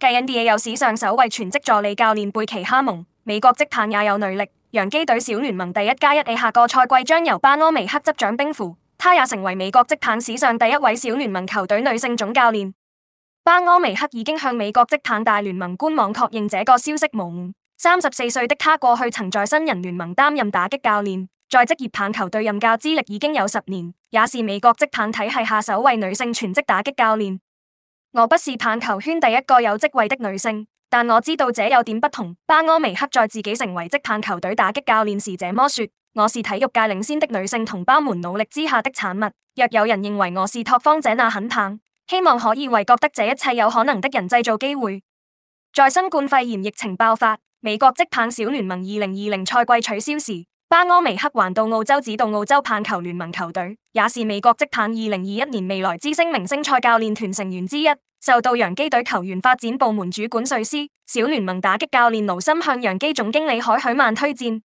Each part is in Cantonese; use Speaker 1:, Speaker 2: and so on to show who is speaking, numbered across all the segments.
Speaker 1: 繼 NBA 也有史上首位全職助理教練貝琪哈蒙，美國職棒也有女力，洋基隊小聯盟第一階 1A 下個賽季將由芭珂薇克執掌兵符，她也成為美國職棒史上第一位小聯盟球隊女性總教練。芭珂薇克已經向美國職棒大聯盟官網確認這個消息無誤。三十四歲的她過去曾在新人聯盟擔任打擊教練，在職業棒球隊任教資歷已經有十年，也是美國職棒體系下首位女性全職打擊教練。我不是棒球圈第一個有職位的女性，但我知道這有點不同。芭珂薇克在自己成為職棒球隊打擊教練時這麼說：我是體育界領先的女性同胞們努力之下的產物。若有人認為我是拓荒者，那很棒。希望可以為覺得這一切有可能的人製造機會。在新冠肺炎疫情爆發，美國職棒小聯盟二零二零賽季取消時，芭珂薇克還到澳洲指導澳洲棒球聯盟球隊，也是美國職棒二零二一年未來之星明星賽教練團成員之一。受到洋基隊球員發展部門主管瑞斯、小聯盟打擊教練勞森向洋基總經理海許曼推薦。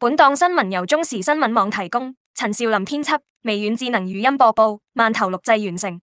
Speaker 1: 本檔新聞由中時新聞網提供，陳兆林編輯，微軟智能語音播報，慢頭錄製完成。